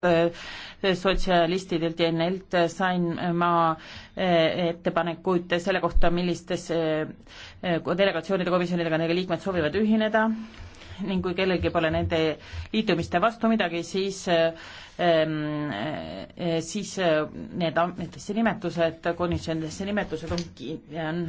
Äh, sotsialistidelt ja NL-t sain ma äh, ettepanekuid selle kohta, millistes äh, delegatsioonide komisjonidega nende liikmed soovivad ühineda ning kui kellelgi pole nende liitumiste vastu midagi, siis ähm, siis need ametisse nimetused, komisjonidesse nimetused on, on